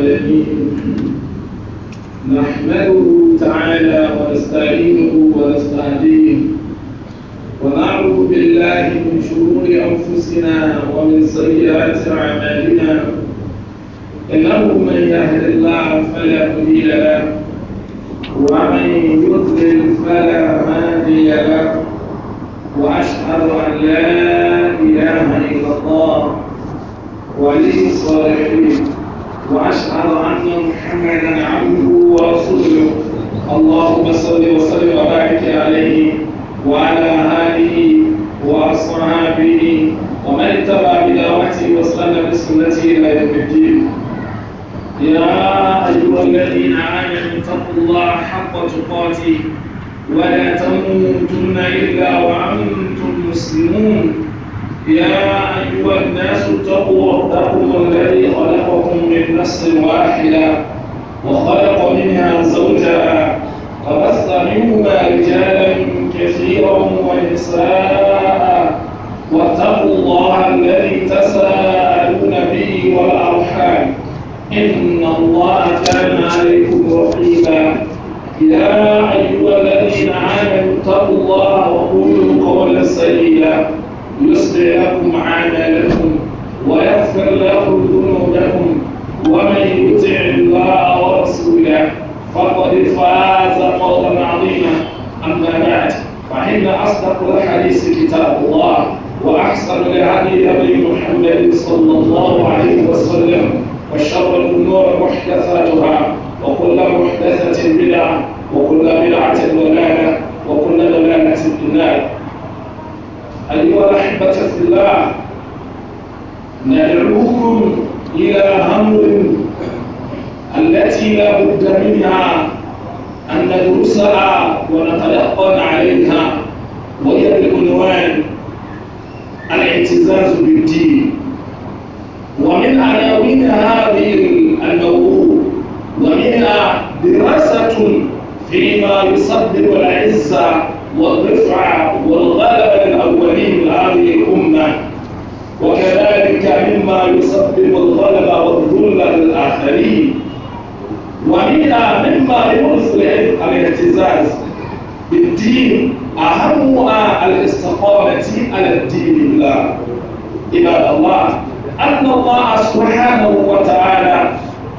العالمين نحمده تعالى ونستعينه ونستهديه ونعوذ بالله من شرور أنفسنا ومن سيئات أعمالنا إنه من يهد الله فلا مضل له ومن يضلل فلا هادي له وأشهد أن لا إله إلا الله ولي الصالحين وأشهد أن محمدا عبده ورسوله اللهم صل وسلم وبارك عليه وعلى آله وأصحابه ومن اتبع بدعوته وسلم بسنته إلى يوم الدين يا أيها الذين آمنوا اتقوا الله حق تقاته ولا تموتن إلا وأنتم مسلمون يا أيها الناس اتقوا ربكم الذي خلقكم من نفس واحدة وخلق منها زوجها فبث منهما رجالا كثيرا ونساء واتقوا الله الذي تساءلون به والأرحام إن الله كان عليكم رقيبا يا أيها الذين يصلي لكم أعمالكم ويغفر لكم ذنوبكم ومن يطع الله ورسوله فقد فاز فوزا عظيما أما بعد فإن أصدق الحديث كتاب الله وأحسن الهدي هدي محمد صلى الله عليه وسلم وشر الأمور محدثاتها وكل محدثة بدعة وكل بدعة ضلالة وكل ضلالة في النار أيها الأحبة في الله ندعوكم إلى أمر التي لا بد منها أن ندرسها ونتيقن عليها وهي بالعنوان الاعتزاز بالدين ومن عناوين هذه الموضوع ومنها دراسة فيما يصدر العزة والرفعة والغلبة الأولين هذه الأمة وكذلك مما يسبب الغلبة والذلة للآخرين ومنها مما يورث الاعتزاز بالدين أهمها الاستقامة على الدين الله عباد الله أن الله سبحانه وتعالى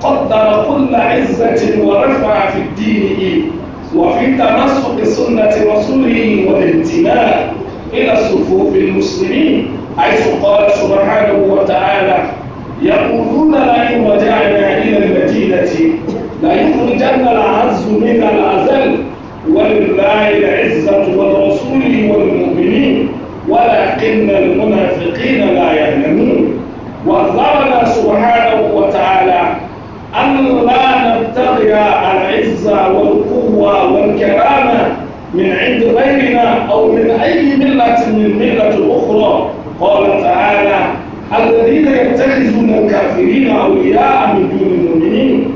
قدر كل عزة ورفع في الدين وفي تمسك بسنة رسوله والانتماء إلى صفوف المسلمين حيث قال سبحانه وتعالى يقولون لئن رجعنا إلى المدينة ليخرجن العز من الأزل ولله العزة والرسول والمؤمنين ولكن المنافقين لا يعلمون وأخبرنا سبحانه وتعالى أن لا نبتغي على العزة والقوة والكرامة من عند غيرنا أو من أي ملة من ملة أخرى قال تعالى الذين يتخذون الكافرين أولياء من دون المؤمنين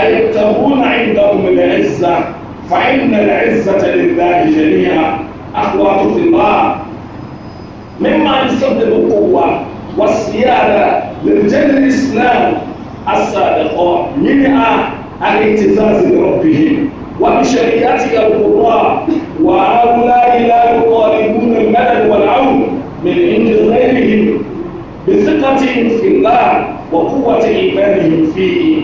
أيبتغون عندهم العزة فإن العزة لله جميعا أخوات في الله مما يسبب القوة والسيادة للجن الإسلام السابقة منها الاعتزاز بربهم وبشريعتك القراء وهؤلاء لا يطالبون المدد والعون من عند غيرهم بثقتهم في الله وقوة إيمانهم فيه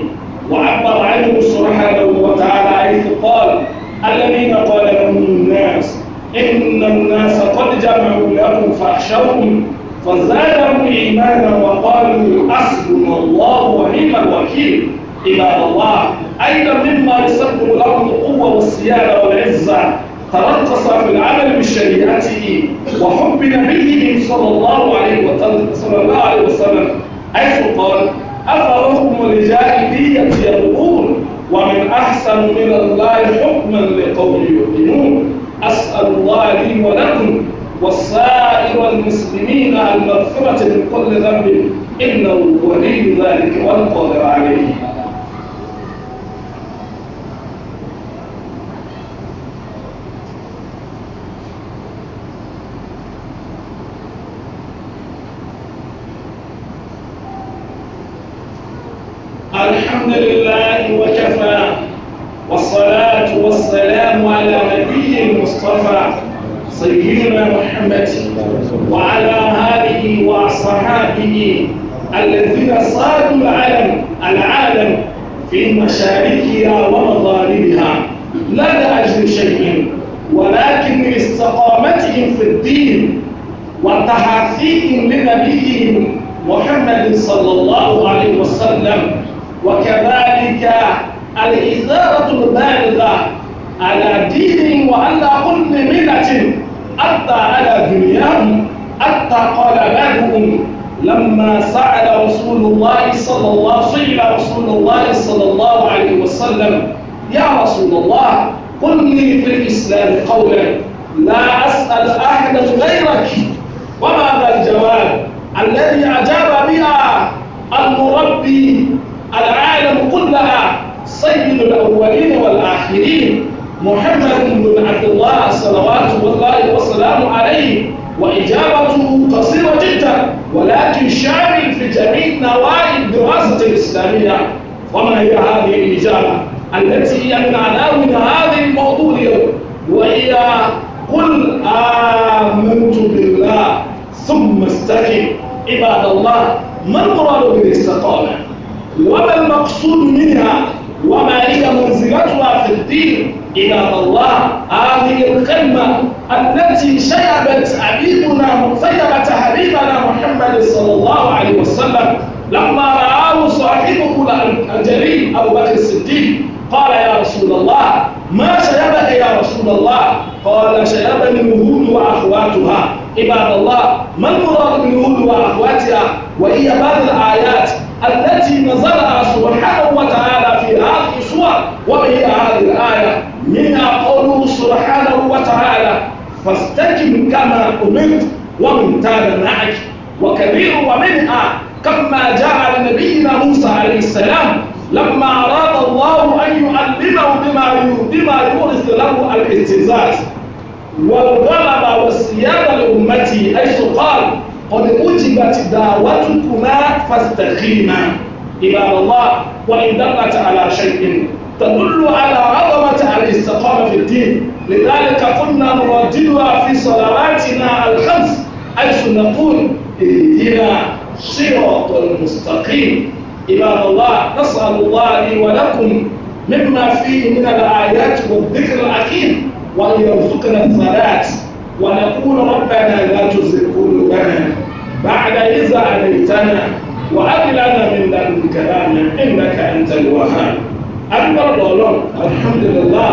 وعبر عنه سبحانه وتعالى حيث قال الذين قال لهم الناس إن الناس قد جمعوا لكم فاخشوهم فزادهم إيمانا وقالوا حسبنا الله ونعم الوكيل عباد الله أيضا مما يسبب لهم القوة والصيانة والعزة ترقص في العمل بشريعته وحب نبيه صلى الله عليه وسلم حيث قال أفرحكم الجاهلية يبغون ومن أحسن من الله حكما لقوم يؤمنون أسأل الله لي ولكم والسائر المسلمين المغفرة من كل ذنب إنه ولي ذلك والقادر عليه المصطفى سيدنا محمد وعلى آله وأصحابه الذين صادوا العالم العالم في مشاركها ومغاربها لا لأجل شيء ولكن من استقامتهم في الدين وتحقيقهم لنبيهم محمد صلى الله عليه وسلم وكذلك الإثارة البالغة على دين وعلى كل ملة حتى على دنياهم حتى قال بعضهم لما سأل رسول الله صلى الله سئل رسول الله صلى الله عليه وسلم يا رسول الله قل لي في الإسلام قولا لا أسأل أحدا غيرك وماذا الجواب الذي أجاب بها المربي العالم كلها سيد الأولين والآخرين محمد بن عبد الله صلوات الله وسلامه عليه وإجابته قصيرة جدا ولكن شامل في جميع نواحي الدراسة الإسلامية وما هي هذه الإجابة التي يمنعنا من هذه الموضوع اليوم وهي قل آمنت بالله ثم استقم عباد الله ما المراد بالاستقامة وما المقصود منها وما هي منزلتها في الدين عباد الله هذه الخدمة التي شهدت حبيبنا خيبة حبيبنا محمد صلى الله عليه وسلم لما رآه صاحبه الجليل أبو بكر الصديق قال يا رسول الله ما شيبك يا رسول الله قال شيبني اليهود وأخواتها عباد الله ما المراد باليهود وأخواتها وهي بعض الآيات التي نزلها سبحانه وتعالى في هذه السور وهي هذه الآية سبحانه وتعالى فاستجب كما أمرت ومن تاب معك وكبير ومنها كما جاء نبينا موسى عليه السلام لما أراد الله أن يعلمه بما بما يورث له الاهتزاز والغلب والسيادة لأمتي حيث قال قد أجبت دعوتكما فاستقيما عباد الله وإن دلت على شيء تدل على عظمة الاستقامة في الدين لذلك كنا نرددها في صلواتنا الخمس حيث نقول اهدنا صراط المستقيم عباد الله نسأل الله لي ولكم مما فيه من الآيات والذكر الأخير وأن يرزقنا الثبات ونقول ربنا لا تزغ قلوبنا بعد إذا هديتنا وهب من لدنك إنك أنت الوهاب adúgbòlòpọ̀ ọlọ́run alhamdulillah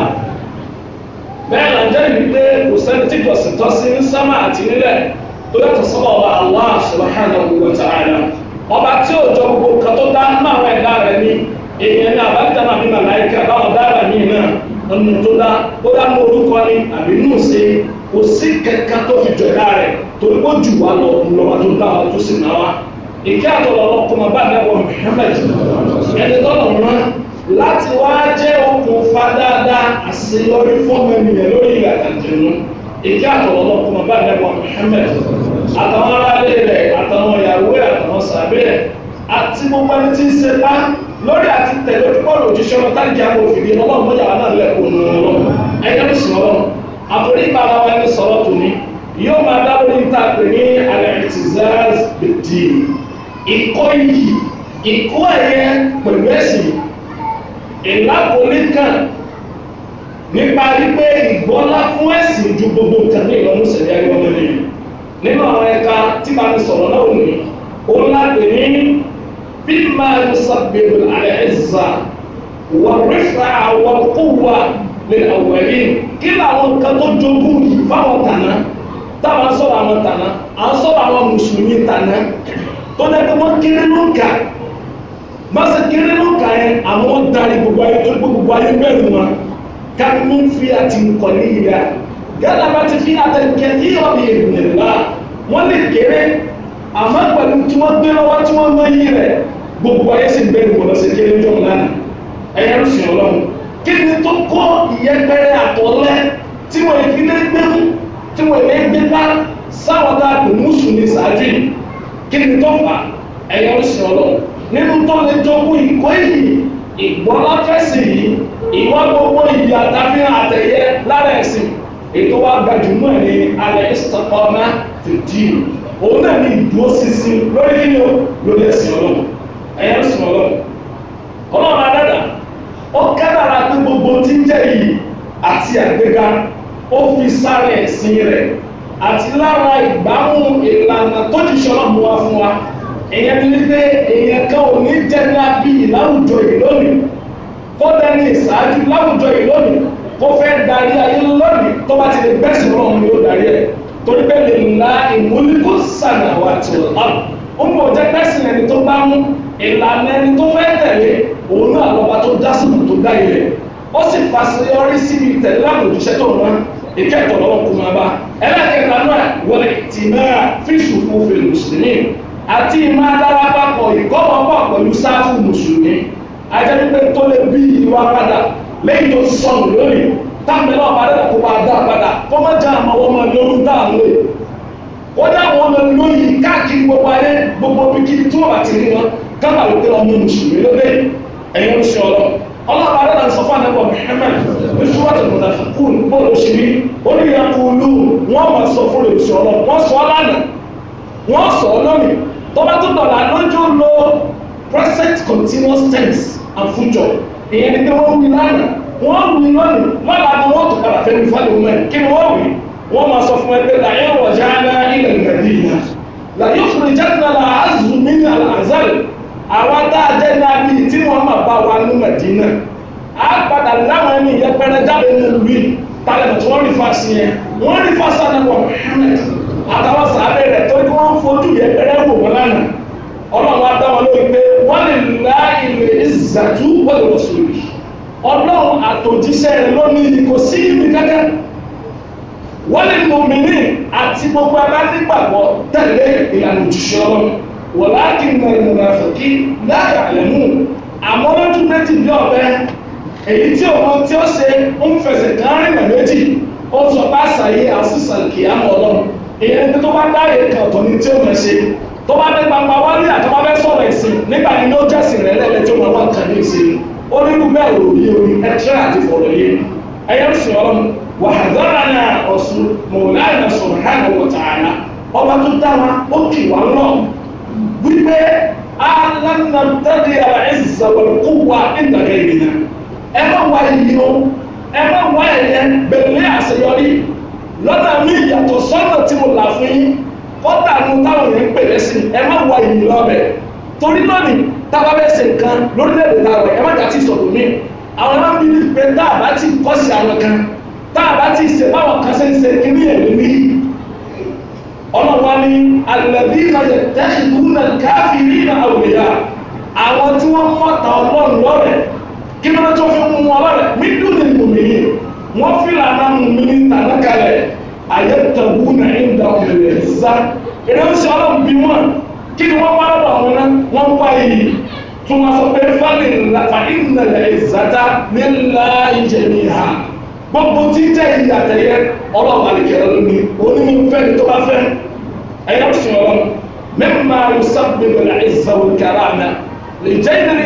bẹ́ẹ̀ là ń jẹ́ ìlú pé kò sẹ́ni tí kò sì tọ́ sí ní sámà àti nílẹ̀ tó yàtọ̀ sọ́mọ́ ọba Allah subhanahu wa ta'ala ọba tí ó jọ gbogbo nǹkan tó dá nínú àwọn ẹ̀dá rẹ̀ ní èèyàn ní àbájá náà bí màláìka báwọn dára ní náà ọ̀nà tó dá ó dá mú orúkọ ní àbí nù sí kò sí kẹ̀kẹ́ tó fi jọ̀dá rẹ̀ torí ó jù wá lọ ńlọba tó dá wa tó sì náà wá ìkẹ́ àtọ̀lọ́lọ́kùnrin bá nẹ́wọ̀ Muhammad ẹni tọ́lọ̀ mọ́ láti wá jẹ́ okùnfà dáadáa àṣeyọrí fún ènìyàn lórí ìgbà àjẹnú ìjà àtọ̀wọ́ lọ́kùn ọba àdẹ́gbọ̀n Muhammad àtàwọn aráalé rẹ̀ àtàwọn ìyàwó ẹ̀ àtàwọn sàbẹ̀ ẹ̀ àti gbogbo ẹni tí ń ṣe bá lórí àti tẹ̀lé ojúbọ̀rọ̀ òjíṣẹ́ ọmọ táàgì àwọn òfìdí ọlọ́run mọ́jà wà náà lẹ́kọ̀ọ́ nù ọlọ́run ẹgbẹ́ mi sùn ọlọ́run àtòrí ìbára wa ní sọ̀rọ̀ tòní yóò máa dá lórí níta pè ní alẹ́tìzáàs bèdì ìkọ́ yìí ìkọ́ ẹ̀yẹ pẹ̀lú ẹ̀sìn ìlákòóníkàn nípa wípé ìgbọ́lá fún ẹ̀sìn ju gbogbo nǹkan ní ìlọ́mú sẹ̀dí ayé ọmọ ènìyàn nínú àwọn ẹ̀ka tí màá ti sọ̀rọ̀ náà òní òun láti ní bí máa ń sàbẹ̀wò àrẹ ẹ̀zà wà rífà àwọn kówà lè àwẹ̀rí kí làwọn nǹkan tó jogún yìí fáwọn tàná táwọn sọ̀rọ̀ àwọn tàná à ń sọ̀rọ̀ àwọn mùsùlùmí tàná tó dẹ́ pé wọ́n kéré mọ́sí kéré ló kà ẹ́ àwọn darí gbogbo ayé tó gbogbo ayé bẹ́ẹ̀rù wọn káàkiri ló ń fi àti nǹkan ní ìyá gálàbà ti fi àtẹnkẹ ní ọ̀bì ìrìnlá wọ́n lè kéré àmọ́ pẹ̀lú tí wọ́n gbé lọ́wọ́ tí wọ́n mọ iye rẹ̀ gbogbo ayé sì bẹ́ẹ̀rù wọn lọ́sí kéré jọ lánàá ẹ̀yẹ ń sìn ọlọ́run kí ni tó kọ́ ìyẹpẹrẹ àtọ́lẹ́ tí wọ́n fi lé gbẹ́rù tí wọ́n lè gbé bá sáwọn tá a kò yìí kí ni tó fà ẹ̀yẹ ń sìn ọlọ́run nínú tó lè jogún ìkó èyí ìgbọ́láfẹ́sì yìí ìwọ́ gbogbo ìyí àtàfihàn àtẹ̀yẹ lára ẹ̀sìn ètò wa gbajù mọ́ ní alẹ́ ìsọ̀kọ́mọ́ ti dì í òun náà ní ìdúróṣinṣin lórí nínú lórí ẹ̀sìn ọlọ́run ẹ̀yẹ ń sùn ọlọ́run ọlọ́run adáda ó kádàrà pé gbogbo tí ń jẹ́ yìí àti àgbéga ó fi sáré ẹ̀sìn rẹ̀ àti lára ìgbàmú ìlànà tó ti ṣọlọ́mù wa fún wa èèyàn ti rí pé èèyàn kan ò ní jẹ́nà bíi láwùjọ yìí lónìí kódà ní ìsáájú láwùjọ yìí kó fẹ́ darí ayé lónìí tó bá ti lè bẹ́sùn lọ́wọ́ ni yóò darí ẹ̀ torí pé lè la ìmúlíkó sànà wà tí ó lọ. ó ń bọ̀ jẹ́ bẹ́sùn ẹni tó bá mú ìlànà ẹni tó fẹ́ tẹ̀lé òun náà lọ́ba tó dá sùn tó dá ilẹ̀ ó sì fàṣẹ yọrí síbi tẹ̀lé láwùjọṣẹ́ tó ń ìkẹ́kọ̀ọ́ lọ́wọ́ kó máa bá ẹlẹ́kẹ̀ẹ́ àti ìmọ̀ adarapapọ̀ ìkọ́wọ́pọ̀ pẹ̀lú sáfù mùsùlùmí ajẹ́pípẹ́ tó lè bí ìwà padà lẹ́yìn tó sọnù lónìí táàmì náà bá dẹ́kun kó bá dá padà kó má já àmọ́ wọn máa lórí dáàmú rẹ̀ wọ́n dá àwọn ọmọ lóyè káàkiri gbogbo ayé gbogbo bíkíbi tí wọ́n bá ti rí wọn kábà ló pé ọmọ mùsùlùmí ló dé ẹ̀yin ló ṣe ọlọ́ ọlọ́pàá dẹ́ta ń sọ fún àdẹ́kọ̀ Muhammad oṣù wàtò mùnàfíkùn bọ́ọ̀lù ṣe oníyàkùn lù wọ́n máa sọ fún olùsọ̀rọ̀ wọ́n sọ ọ́ lánàá wọ́n sọ ọ́ lónìí tó bá tún dọ̀là lójú lo present continuous tense and future ìyẹn ni pé wọ́n wí lánàá wọ́n wí lónìí wọ́n là ní wọ́n tó padà fẹ́ mi fáwọn ọmọ ẹ̀ kí ni wọ́n wí wọ́n máa sọ fún ẹ pé làyé rọ̀jà náà ilẹ̀ ìgbàdí yìí náà làyé fún ìjẹ́nà là á zù mí ní àlàzàlì àwọn tá a jẹ́ náà bíi tí wọ́n máa bá wa ní Mẹ̀dínà á padà láwọn ẹni ìyẹpẹrẹ jáde nínú rí tálẹ̀ tí wọ́n rí fásiyẹn wọ́n rí fásiyẹn náà wọ̀ àtàwọn sàárẹ̀ rẹ̀ tó ní wọ́n fojú yẹpẹrẹ wò wọn lánàá ọlọ́run wa dá wọn lórí pé wọ́n lè la ilẹ̀ ìzàtú wọ́n lọ sórí ọlọ́run àtòjíṣẹ́ rẹ̀ lónìí kò sí ibi kankan wọ́n lè mọ̀mìnì àti gbogbo alánígbàgbọ́ tẹ̀lé ìlànà òjíṣẹ́ ọlọ́run wọ́n láti mọ ìmọ̀ràn àfọ̀kí láyà lẹ́nu àmọ́ lójú méjì bí ọ̀bẹ èyí tí òun tí ó ṣe ń fẹsẹ̀ kan rìnà méjì ó sọ bá ṣàyé àṣìṣàn kìá mọ́ ọlọ́run ìyẹn ní tó bá dá èyí kan tó ní tí o mọ̀ ṣe tó bá dé gbangba wá ní àtọ́bá fẹ́ sọ̀rọ̀ ẹ̀sìn nígbà ní ló jẹ́sìn rẹ̀ lẹ́lẹ́ tí ó mọ̀ wá nǹkan ní ìṣe onírú àti fọ̀rọ̀ ń sìn ọ̀sùn ọba tó dá wa ó kì wá wípé lọ́nà mi ìyàtọ̀ sọ́nà tí mo là fún yín kọ́tà nu táwọn yẹn ń pè lẹ́sìn ẹ má wọ ìyìn lọ́bẹ̀ torí náà ni tábà bẹ́ẹ̀ ṣe nǹkan lórílẹ̀‐èdè táwọn ẹ má jà sí ìsọ̀rọ̀ mi àwọn máa ń bí ní pé tá a bá ti kọ́ sí àwọn kan tá a bá ti ṣe báwọn kan ṣe ń ṣe kíní ẹ̀mí ní ọlọ́wọ́ ni alẹ́bí ìfàjẹ̀ tẹ́sìkú náà káfíìrì náà àwòyá àwọn tí wọ́n mọ̀ta ọlọ́run lọ́rẹ̀ kí wọ́n fi lànà mínísítà náà kalẹ̀ àyẹ̀tẹ̀wù náà ń da òmìnira ìsá ìrẹsì ọlọ́run bí wọn kí ni wọ́n wá lọ́dọ̀ àwọn náà wọ́n wá yìí tó wọ́n sọ pé fáìlì ńlá fáìlì ńlá ìsátá nílá ìjẹ̀mí ha gbogbo títẹ̀ ìyàtẹ̀yẹ ọlọ́run àlìkẹ́rẹ́ ló ní onímọ̀fẹ́ni tó bá fẹ́ ẹ̀yọ́ sùn ọlọ́run mimma yusabbibu al-izza wal-karama li-jayna al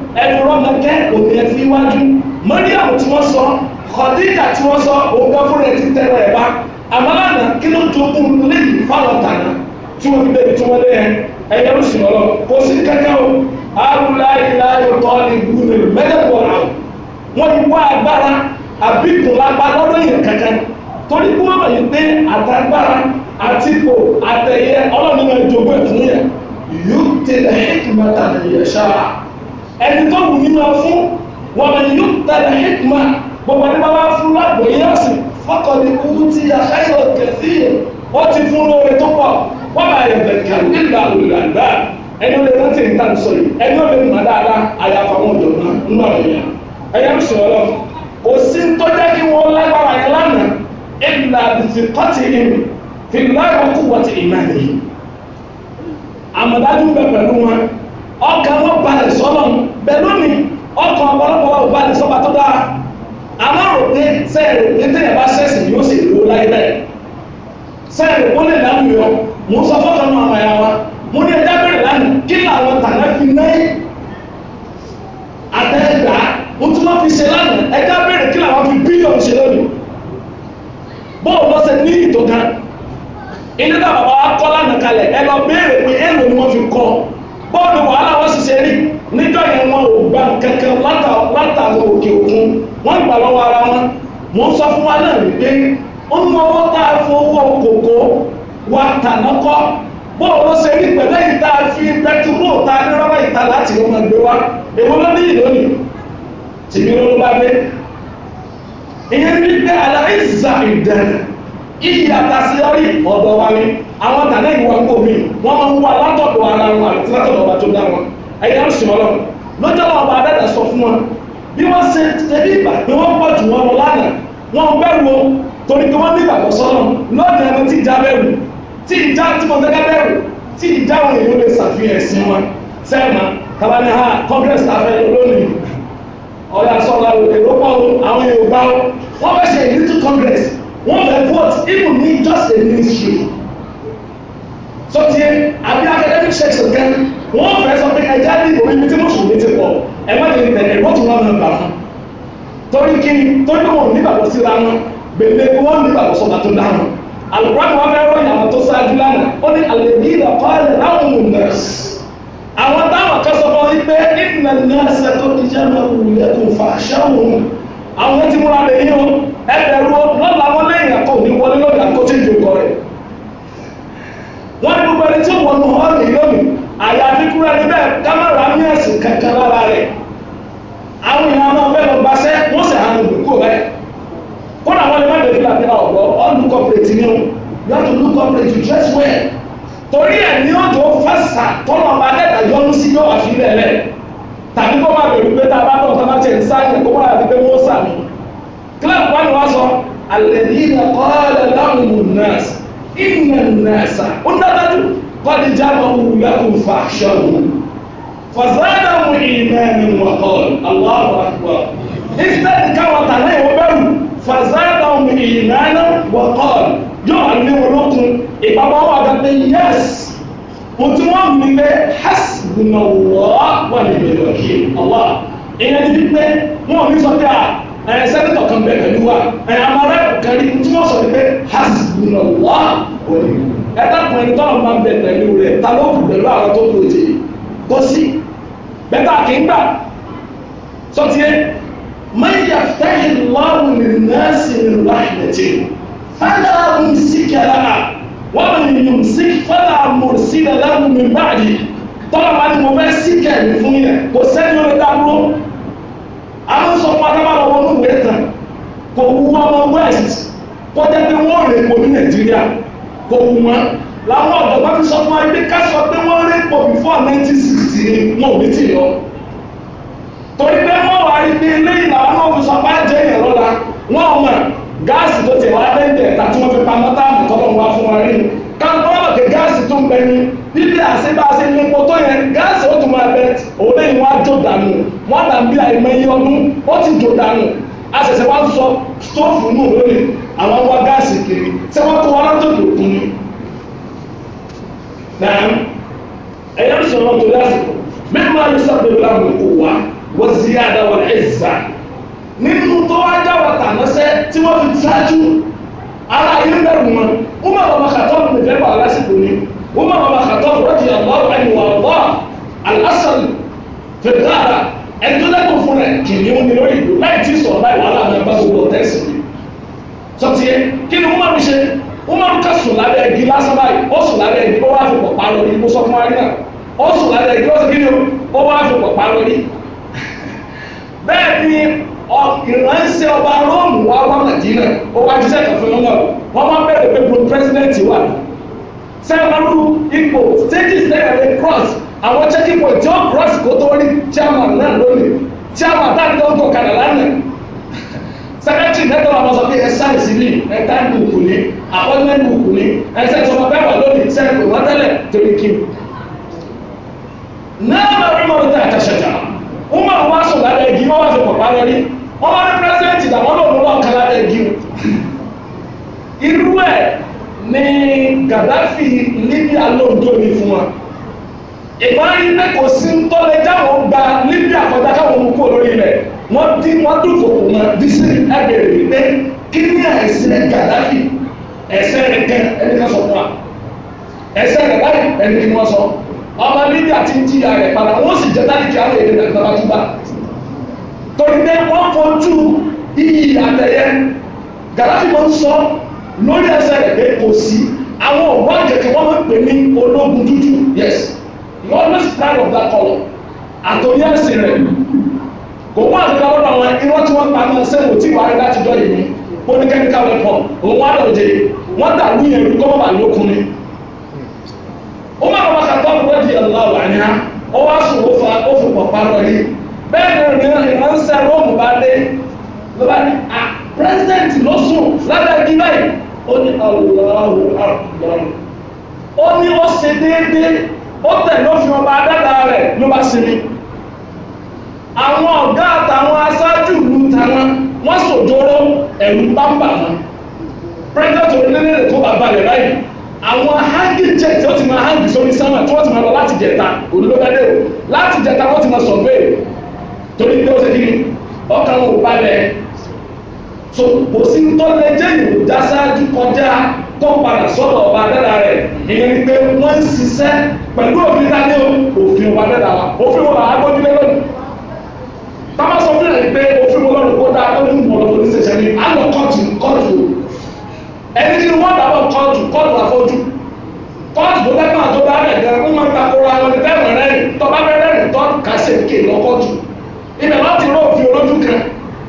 ẹnu rọ́mọkẹ́ òní ẹ fi wájú Mariam tí wọ́n sọ Khadija tí wọ́n sọ òun kan fúnra ẹ̀ ti tẹ̀rọ ẹ̀ bá àmọ́ àná kí ló jogún lẹ́yìn fáwọn tàná tí wọ́n fi débi tí wọ́n lé ẹ ẹ̀yẹ ló sì lọ lọ kò sí kankan o arúláìláyò tọ́ ni gbúdọ̀ mẹ́tẹ̀ẹ̀kọ̀ rà wọ́n ti wá agbára àbíkùn lápá lọ́dọ̀ yẹn kankan torí kí wọ́n mọ̀ yìí pé àtàgbára àtìkò àtẹ̀yẹ ọlọ́run náà jogún ẹ̀fún yẹn yóò tẹ̀lé hẹ́kìmọ́tà nìyẹn ṣáà máa fún wọn máa yọ tẹ̀lé hikma gbogbo ẹni máa fún lágbèéyé ọ̀sìn fọkànlí kúrú ti àṣàyè kẹsí yẹ wọ́n ti fún lóore tó pọ̀ wọ́n máa yẹ bẹ̀kà nígbà olùdàgbà ẹni ó lè rántí níta ń sọ yìí ẹni ó lè mọ dáadáa àyàfà wọn jọ náà nínú àwọn èèyàn ẹ̀yà ń sọ̀rọ̀ lọ kò sí tó jẹ́ kí wọ́n lágbára yẹn lánàá ìlà àdìsí kọ́tì ìmì fi lágbàkú wọ́n ti ìmọ̀ nìyí àmọ̀dájú bẹ̀ pẹ̀lú wọn ọkàn wọn balẹ̀ sọ́nà bẹ́ẹ̀ lónìí ọkàn ọ̀pọ̀lọpọ̀ wa ò balẹ̀ sọ́ba tó dáa aláàrò pé sẹ́ẹ̀rù pé tẹ́yẹ̀ bá sẹ́sì yóò sì lò láyé bẹ́ẹ̀ sẹ́ẹ̀rù ó lè láwùjọ mò ń sọ fọ́tọ̀ nù àmọ̀ ẹ̀yà wa mo ní ẹja bẹ̀rẹ̀ lánàá kí làwọn tàná fi náyé àtẹ̀gbà ó tún wọ́n fi ṣe lánàá ẹja bẹ̀rẹ̀ kí làwọn fi bílíọ̀nù ṣe lónìí bọ́ọ̀ lọ́sẹ̀ ní ìtọ́ka ilé náà bàbá wa kọ́ lánàá kalẹ̀ ẹ lọ béèrè pé ẹ lò ní wọ́n fi kọ́ ọ bọ́ọ̀lù wàhálà wọ́n sì ṣe rí níjọ́ yẹn wọn ò gba kankan látàwọn òkè òkun wọ́n gbà lọ́wọ́ ara wọn mò ń sọ fún wa náà wípé ó ń mọ́wọ́ tá a fowó kòkó wa tànákọ́ bọ́ọ̀lù ṣe rí pẹ̀lú èyí tá a fi pẹtiró ta ní rọ́bà ìta láti ló máa gbé wa èwo ló ní ìlónìí tìbí ló ló bá dé ìyẹn ní pé àlàyé ìzà ìdẹ̀rẹ̀ ìyá tasíọ́rì ọ̀dọ̀ wa ni àwọn tàná ìwà ń gbòmí wọ́n máa ń wá látọ̀dọ̀ ara wọn àti látọ̀dọ̀ ọba tó dá wọn ẹ̀yà ń sìn ọlọ́run lọ́jọ́ wọn ọba adáda sọ fún wọn bí wọ́n ṣe tẹ̀lé ìgbà pé wọ́n pọ̀ jù wọn lọ wọn ò bẹ̀rù o torí pé wọ́n ní ìgbàgbọ́ sọ́nà lọ́dọ̀ ẹni tí ìjà bẹ̀rù tí ìjà tí mo gẹ́gẹ́ bẹ̀rù tí ìjà wọn èèyàn lè ṣàfihàn ẹ̀sìn wọn sẹ́ẹ̀mà tabani ha congress ta fẹ́ lónìí ọ̀yà sọ̀rọ̀ àwọn èèyàn ló pọ̀ àwọn èèyàn gbá wọn fẹ́ ṣe ìlítú congress wọ́n fẹ́ vote even ní just a ministry sọtí àbí academic section kan wọ́n fẹ́ sọ pé ẹja dìbò ibi tí mùsùlùmí ti pọ̀ ẹ má lè tẹ̀lé vote wọn nà bàbá torí kí torí kí wọn nígbàgbọ́ síra wọn gbèlè wọn nígbàgbọ́ sọ̀tà tó dáhùn alùpàdé wọn fẹ́ ròyìn àwọn tó ṣáájú lánàá ó ní àlèbí ìdàpọ̀lẹ̀ láwọn ò nẹ́ẹ̀sì àwọn táwọn akẹ́sọ̀kọ́ wípé ìpìlẹ̀ nẹ́ẹ̀sì tó ti jẹ́ mọ́ ìwúlẹ̀ tó fà ṣẹ́wọ̀n àwọn tí múra lè yí o ẹbẹ̀rù lọ́la wọn lẹ́yìn àkọ́ òní wọlé lọ́dà kó tí ìjọ kọ́ rẹ̀ wọ́n ní gbogbo ẹni tí ó wọnú ọ́ọ̀lì lónìí àyàfi kúrò ẹni bẹ́ẹ̀ kámẹ́rà ní ẹ̀sìn kankan lára rẹ̀ àwọn èèyàn náà bẹ́ẹ̀ lọ gbaṣẹ́ wọ́n sì hàn lùkú rẹ̀ kódà wọn lè má dé fìlà fìlà ọ̀gbọ́ all look corporate ni o you have to look corporate you dress well torí ẹ̀ ní ọjọ́ fásità tọ́lọ̀ ọba dẹ́ta yọnu sí yọ àfihàn rẹ̀ tàbí kó má bẹ̀rù pé tá a bá tọ̀ tá a bá tẹ̀ ń sáyẹ̀ kó má bẹ̀rù pé wọ́n sàmì. kílẹ̀mù wá ni wọ́n sọ alladhina qala lahumun nas inna an-nasa ó dájú qad jama'u lakum fakhshawhum fazadahum imanan wa qalu Allahu akbar ìfẹ́ ti káwọn tà náà ìwọ bẹ̀rù fazadahum imanan yóò wà olókun ìpamọ́ wà gbàgbé yẹ́sì ohun tí wọ́n mú pé hasbunallah wà níbi ìwọ̀kì ọ̀wà ìyẹn ti di pé wọ́n ní sọ pé ah, ẹ̀ sẹ́nitọ̀ kan bẹ̀ pẹ̀lú wa ẹ̀ amara kan rí tí wọ́n sọ pé hasbunallah wà níbi ẹ̀ dàpọ̀ ẹni tọ́lọ̀ máa ń bẹ̀ pẹ̀lú rẹ̀ ta ló kù pẹ̀lú àwọn tó kúrò jẹ́ kó sí bẹ́tà kì í gbà sọtiẹ mẹ́yà fẹ́yìn lọ́rùn nínú nẹ́ẹ̀sì nínú láhìnẹ́tì fẹ́ẹ́ wọ́n lè yùn sí fọ́lá mùsí lẹ́lẹ́mú mi báyìí tọ́lá máa ní mo fẹ́ sí kẹ̀mí fún yẹn kò sẹ́ni ó lè dá dúró àwọn sọ fún adábà lọ́wọ́ ní ìwé tán kò wú ọmọ west kó jẹ́ pé wọ́n rè pò ní nàìjíríà kò wú wọn làwọn ọ̀dọ́ bá sọ fún wa pé ká sọ pé wọ́n rè pò before nineteen sixty wọn ò ní tì yọ torí pé wọ́n wà rí wọ́n sọ stóòfù nù lónìí àwọn wá gáàsì kiri ṣé wọ́n kó wọn kírun náà máa rí mọ́tò tẹ̀ àtàṣẹ̀dá wọ́n máa wá sùn lára ẹ̀gí wọ́n wá sí pọ̀pá rẹ̀ rí wọ́n máa rí pírẹ́sìdẹ̀ntì làwọn náà ló wà kan lára ẹ̀gí o irú ẹ̀ ni Gaddafi Libya lóńtó ní fún wa ìparí pé kò sí ń tọ́lẹ̀ jáwọn gba Libya kọjá káwọn mú kó lórí rẹ̀ wọ́n dín wọ́n dúnkò kò mọ́ bísí ẹgbẹ̀rẹ̀ wípé kí ni àìsí Gaddafi ẹ̀sẹ̀ rẹ̀ kẹ́ ẹni ẹsẹ̀ rẹ̀ báyìí ẹni tí wọ́n sọ ọmọ bíbí àti ń jìyà rẹ̀ padà wọ́n sì jẹ́ láti kíá lè dènà ìgbàlá túbà torí pé wọ́n fojú iyì àtẹ̀yẹ Gàláfì máa ń sọ lórí ẹsẹ̀ rẹ̀ pé kò sí àwọn òwò àjẹkẹ́ wọ́n máa ń pè ní ológun dúdú yes you always proud of that colour àtòyẹ ẹsẹ̀ rẹ̀ kò wọ́n àti káwọn àwọn irọ́ tí wọ́n pa náà sẹ́wọ̀n tí wàá rí láti jọ yìí ní pọ́nikẹ́ni káwọn pọ̀ òun wà lọ́jẹ̀ wọ́n dàrú yẹn kọ́ bàbá lókun ni. Ụmụ ọba Khattab radiyallahu anha ó wá sùn ó fa ó fi pọ̀pá lọ rí bẹ́ẹ̀ ni ìránṣẹ́ Róòmù bá dé ló bá ní à ah, pírẹsidẹ́ǹtì ló sùn lábẹ́ ẹbí báyìí ó ní Allahu akbar ó ní ó ṣe déédéé ó tẹ̀lé òfin ọba adáda rẹ̀ ló bá àwọn àtàwọn aṣáájú ìlú tàwọn pàmpà àwọn hanging chairs wọ́n ti máa hang sórí sánmà tí wọ́n ti máa lọ láti jẹta olùdókòdè o láti jẹta wọ́n ti máa sọ̀gbẹ́ torí pé ó ṣe kí ọkàn wọn ò so kò sí tọ́lẹ̀ jẹ́ ìwòjá sáájú kọjá tó padà sọ́dọ̀ ọba dẹ́dà rẹ̀ ìyẹn ni pé wọ́n ń ṣiṣẹ́ pẹ̀lú òfin dání òfin ọba dẹ́dà wa òfin wọn làwọn agbójúlé lónìí tábà sọ fún ẹ̀ pé òfin wọn lọ́rùn kó dáa tó ní ìmọ̀ lọ́dún ní ni àlọ́ ẹni tí wọ́n dàbọ̀ kọ́ọ̀tù kọ́ọ̀tù àfojú kọ́ọ̀tù tó dẹ́gbà tó bá rẹ̀ gan wọ́n máa ń takora lọ ní bẹ́ẹ̀ rẹ́rìn tó bá rẹ̀ rẹ́rìn tó kàṣẹ ké lọ́kọ́ọ̀tù ibẹ̀ láti rọ òfin olójú kan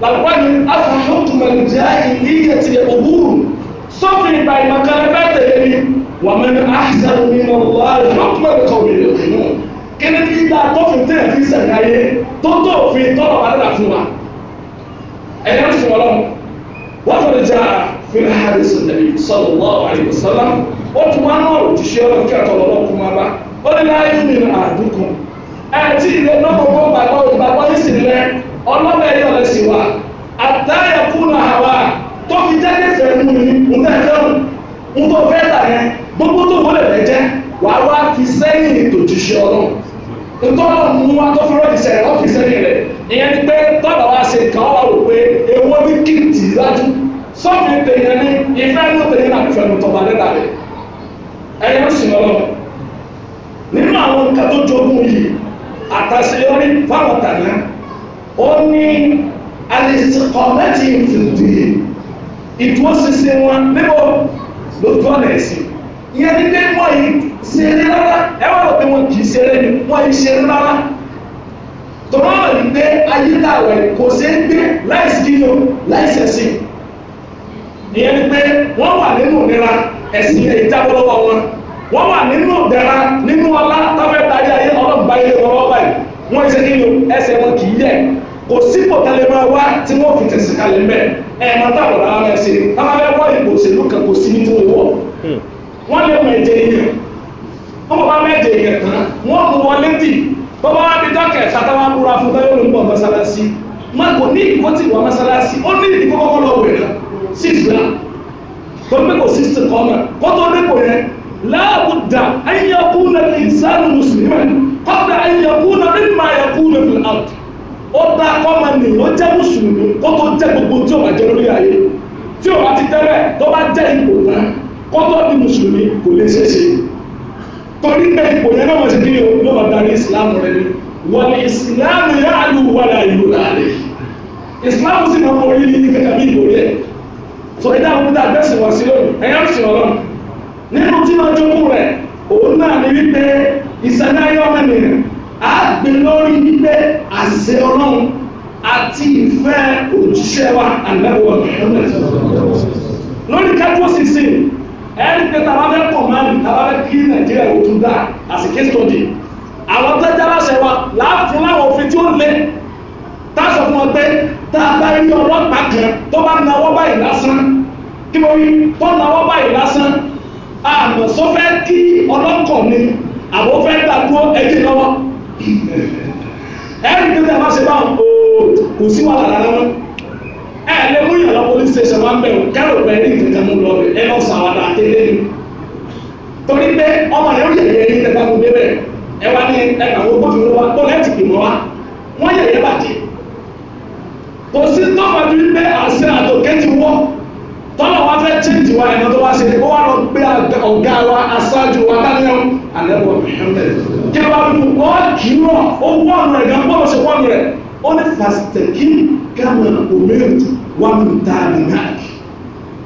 làwọn ni afahóòtù mẹlẹ̀dìá ìlíyẹ ti òwúrù sófin ìgbà ìmọ̀kànlẹ̀ bẹ́ẹ̀ tẹ̀lé ni wà mẹ́ni àṣàrò ní mọ̀lúwárì lọ́kùnrin kọ̀wé fi hadith nabi sallallahu alayhi wa sallam ó tún wá náà òjíṣẹ́ ọlọ́run kí àtọ̀ lọ́wọ́ kú máa bá ó ní láyé ní àdúkùn àti ilé lọ́kọ̀ọ́kọ́ gbàgbọ́ ìgbàgbọ́ nísìnyẹ ọlọ́bẹ̀ yọ̀ lẹ́sìn wa àtàyẹ̀kú náà wà tó fi jẹ́ kẹfẹ́ nù ní ìmúdẹ́fẹ́rùn ń tó fẹ́ tà yẹn gbogbo tó wọlé rẹ jẹ́ wàá wá fi sẹ́yìn tó sọ́ọ̀fì tèèyàn ní ìfẹ́ ló tèèyàn náà fẹ́ ló tọ́ba dẹ́ta rẹ̀ ẹ̀yẹ́ sì lọ́wọ́ nínú àwọn nǹkan tó jogún yìí àtàṣeyọrí fáwọn tàná ó ní alìsìkọ̀mẹ́tì ìfìdí ìdúróṣinṣin wọn níbo lójú ọ̀nà ẹ̀sìn ìyẹn ní pé wọ́n yìí ṣeré rárá ẹ wá rò pé wọ́n kì í ṣeré ni wọ́n yìí ṣeré rárá tọ́lá rẹ̀ ní pé ayélujára kò ṣeé gbé láìsí kíni o láìsẹ̀sìn. ìyẹn ni pé wọ́n wà nínú ìnira ẹ̀sìn yẹn ìjábọ̀ lọ́wọ́ wọn wọ́n wà nínú nínú ọlá ayé wọn báyìí wọ́n ṣe kí ni ẹsẹ̀ wọn kì í yẹ kò sípò tẹlẹ máa wá tí wọ́n fi tẹ̀sí kalẹ̀ ẹ̀ máa táwọn wọ́n ìbò òṣèlú kan kò sí ní tí wọ́n wọ̀ hmm. wọ́n ẹ̀jẹ̀ yẹn wọ́n bọ̀ bá sí islam torí pé kò sí istiqama kótó nípò yẹn láàbùdà ayẹkú na ìsánù mùsùlùmí kọ́dà ayẹkú na mímà ayẹkú na fi out ó dá kọ́mà ní ó jẹ́ mùsùlùmí kótó jẹ́ gbogbo tí o bá jẹ́ lórí ayé tí ó bá ti tẹ́lẹ̀ tó bá jẹ́ ipò náà kótó di mùsùlùmí kò lè é ṣe torí pé ipò yẹn náà wọ́n ti kí o ó lọ́ba darí islam rẹ ni wọ́n ní islam yáà lù wọ́n láàyè lò islam sì máa ń borí ní kẹkẹ́ so ẹ̀dá àwọn ọmọdé àgbẹ̀sìn wọ̀ sí lónìí ẹ̀yà ń sìn ọlọ́run nínú tí wọ́n jókòó rẹ̀ òun náà ní wípé ìsẹ̀dáyọ́ mẹ́rin á gbé lórí wípé àṣẹ ọlọ́run àti ìfẹ́ òjíṣẹ́ wa àlẹ́wọ̀ lórí kẹ́kọ̀ọ́ sísìn ẹni pé tàbá fẹ́ pọ̀ máa nì tàbá fẹ́ kí nàìjíríà ò tún dá àsìkè sọ́dì àwọn tó jára ṣẹwa láàfin láwọn òfin tí ó lé táṣọ fún ọ pé tá a bá rí ọlọ́pàá kan tó bá nawọ́ báyìí lásán kí mo rí tó nawọ́ báyìí lásán àmọ̀ sọ fẹ́ kí ọlọ́kọ̀ ni àbò fẹ́ gbàgbó ẹ̀jẹ̀ lọ́wọ́ ẹ̀rí tó tẹ̀ bá ṣe bá kò sí wàhálà rárá mọ́ ẹ̀ lè mú yàrá police station wá bẹ̀rù kẹ́rù bẹ̀rẹ̀ ní ìtẹ̀tẹ̀ mú lọ rẹ̀ ẹ̀ lọ́ sàwádà àtẹ́lẹ́ ni torí pé ọmọ rẹ̀ ó yẹ̀yẹ̀ ní tẹ̀tẹ̀ mú débẹ̀ ẹ̀ wá ní ẹ̀ àwọn gbọ́dọ̀ wá tó lẹ́tì gbìmọ̀ kò sí tọ́pàdé wípé àṣẹ àtòkẹ́ ti wọ́ tọ́lá wa fẹ́ chíǹtì wa ẹ̀nà tó wá ṣe kó wá lọ gbé ọ̀gá wa aṣáájú wa dánilẹ́wọ̀n àlẹ́wọ̀ Muhammad kí wá lù ọ́ jùlọ ó wọ́ ọ̀nà rẹ̀ gan gbọ́dọ̀ ṣe wọ́ ọ̀nà rẹ̀ ó ní fàṣítẹ̀kì gàmà òmìnirí wà mí ta nìyà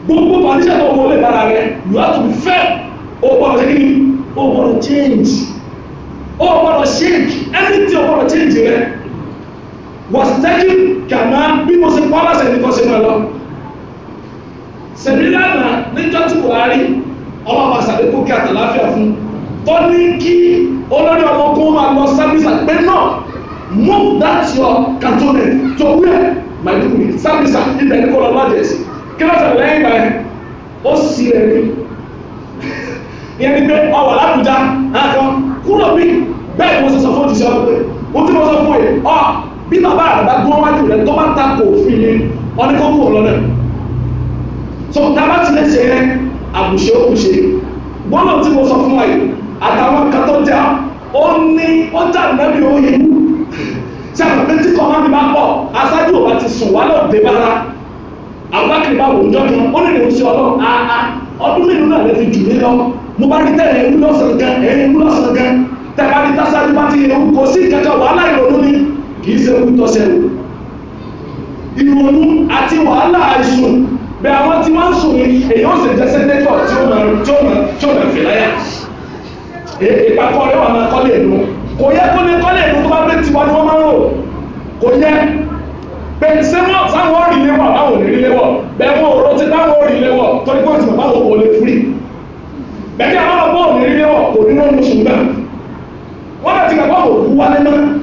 gbogbo pàdíṣẹ́ tó wọlé lára rẹ̀ you have to be fair ó gbọ́dọ̀ ṣe kí ni ó gbọ́dọ̀ change ó gbọ́dọ̀ shake anything ó gbọ́dọ̀ change rẹ̀ wọ́sítẹ́kì kàmá bí mo ṣe pọ́ lọ́sẹ̀ ní kò sí mọ́ lọ. sẹ̀mí lánàá níjọ́ tí buhari ọlọ́pàá sàlékún kí àtàláfíà fún tó ní kí olórí ọmọ ogun máa lọ sábìsà pé náà move that your cantonment to where maiduguri sábìsà ibẹ̀ ní kò lọ lọ́jẹ̀ sí kí ló sọ lẹ́yìn ìgbà yẹn ó sì rẹ̀ rí ìyẹn ni pé ọwọ́ làbújá àkàn kúrò bí bẹ́ẹ̀ mo sọ fún òjijì ọ̀pẹ mo ti mọ sọ fún yìí ọ̀ bí bàbá àgbà gbọ́ wájú rẹ̀ tó bá ta kò òfin ni wọ́n ní kó kúrò lọ́nà so tá a bá ti lè ṣe yẹn àbùṣe ó kùṣe gbọ́dọ̀ tí mo sọ fún wa yìí àtàwọn kan tó já ó ní ó já nàbí òye ṣe àgbẹ̀ tí kọ́má mi bá pọ̀ aṣáájú ò bá ti sùn wá lọ́ọ̀ dé bára àbúkàkì bá wò ó jọ́ kan ó lè ní oṣù ọlọ́run àá ọdún mélòó náà lè fi jù mí lọ mo bá rí tẹ̀lé ewu lọ́sàn-án gan ewu lọ́sàn-án gan tẹ̀lé bá rí tásájú bá ti ewu kò sí ìkẹ́kẹ́ wàhálà ìrònú ni kìí ṣe kú tọ́sẹ̀lú ìrònú àti wàhálà àìsùn bẹ àwọn tí wọ́n ń sùn ní èyí ó sì jẹ́ sẹ́tẹ́tọ̀ tí ó mọ̀ tí ó mọ̀ tí ó mọ̀ fẹ́ láyà ìpapọ̀ rẹ̀ wà máa kọ́lé ìlú kò yẹ kó ní kọ́lé ìlú tó bá gbé tiwa ni wọ́n máa ń rò kò yẹ bẹ́ẹ̀ sẹ́wọ́n sáwọn rí léwọ̀ báwọn ò ní rí léwọ̀ bẹ́ẹ̀ wọ́n ò rántí báwọn ò rí léwọ̀ torí pé òtún báwọn ò lè fúri bẹ́ẹ̀ ni àwọn ọ̀pọ̀ ò ní rí léwọ̀ kò ní rọ́ọ̀nù ṣùgbọ́n wọ́n bẹ̀ ti gbàgbọ́